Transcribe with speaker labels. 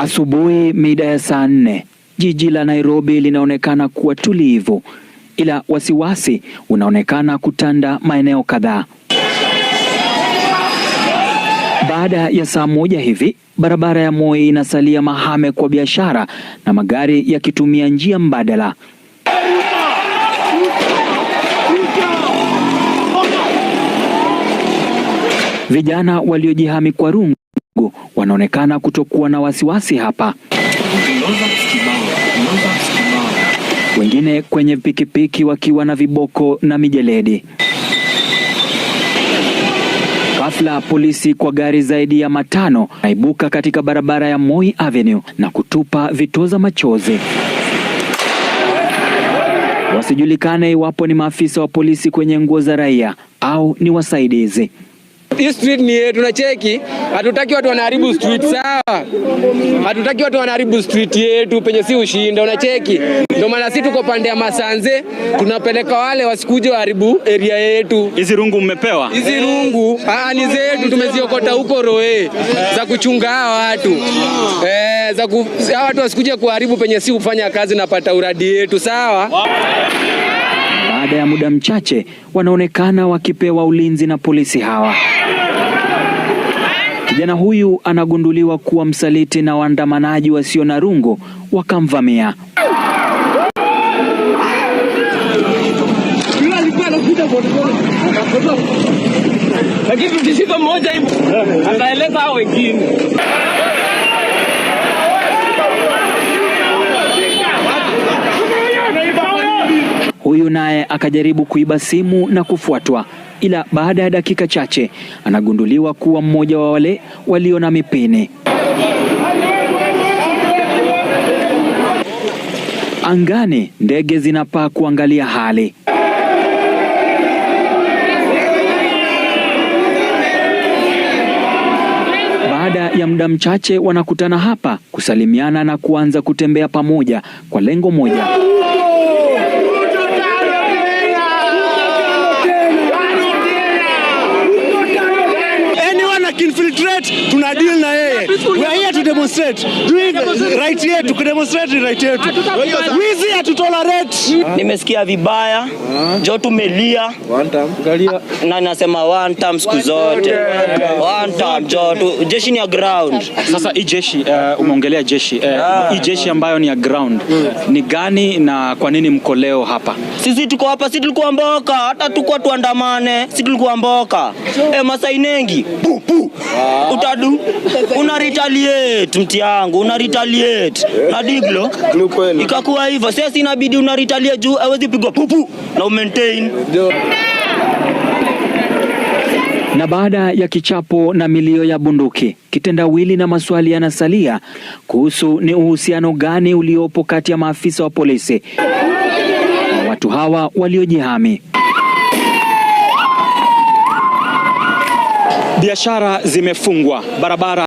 Speaker 1: Asubuhi mida ya saa nne, jiji la Nairobi linaonekana kuwa tulivu, ila wasiwasi unaonekana kutanda maeneo kadhaa. Baada ya saa moja hivi, barabara ya Moi inasalia mahame kwa biashara na magari yakitumia njia mbadala. Vijana waliojihami kwa rungu wanaonekana kutokuwa na wasiwasi hapa, wengine kwenye pikipiki wakiwa na viboko na mijeledi. Ghafla polisi kwa gari zaidi ya matano naibuka katika barabara ya Moi Avenue na kutupa vitoza machozi wasijulikane iwapo ni maafisa wa polisi kwenye nguo za raia au ni wasaidizi.
Speaker 2: Hii street ni yetu na cheki, hatutaki watu wanaharibu street sawa, hatutaki watu wanaharibu street yetu penye si ushinda, cheki. Ndio maana sisi tuko pande ya Masanze, tunapeleka wale wasikuje waharibu area yetu.
Speaker 3: Hizi rungu mmepewa
Speaker 2: hizi rungu? Ah, ah ni zetu, tumeziokota huko roe eh, za kuchunga hawa watu eh, za watu wasikuje kuharibu penye si ufanya kazi na pata uradi yetu sawa.
Speaker 1: Baada ya muda mchache, wanaonekana wakipewa ulinzi na polisi hawa. Kijana huyu anagunduliwa kuwa msaliti na waandamanaji wasio na rungu wakamvamia. Lakini tutashiba mmoja hivi, ataeleza hao wengine. Huyu naye akajaribu kuiba simu na kufuatwa, ila baada ya dakika chache anagunduliwa kuwa mmoja wa wale walio na mipini. Angani ndege zinapaa kuangalia hali. Baada ya muda mchache wanakutana hapa kusalimiana na kuanza kutembea pamoja kwa lengo moja.
Speaker 4: tuna deal na yeye. We are here to demonstrate. doing Right yetu, kudemonstrate demonstrate right yetu. Wizi hatutolerate.
Speaker 5: Nimesikia vibaya, ah. jo tumelia ah, na nasema one time siku zote. One time jo tu jeshi ni ya ground.
Speaker 6: Sasa hii jeshi uh, umeongelea jeshi uh, hii jeshi ambayo ni ya ground ni gani na kwa nini mko leo hapa?
Speaker 7: Sisi tuko hapa, sisi tulikuwa mboka, hata tuko tuandamane, sisi tulikuwa mboka. Eh, Masai Nengi. Pu, pu. Ah. utadu una retaliate mti yangu, una retaliate na diglo ikakuwa hivyo sasa, inabidi una retaliate juu awezi pigwa pupu na umaintain
Speaker 1: na baada ya kichapo na milio ya bunduki, kitendawili na maswali yanasalia kuhusu ni uhusiano gani uliopo kati ya maafisa wa polisi na watu hawa waliojihami. Biashara zimefungwa, barabara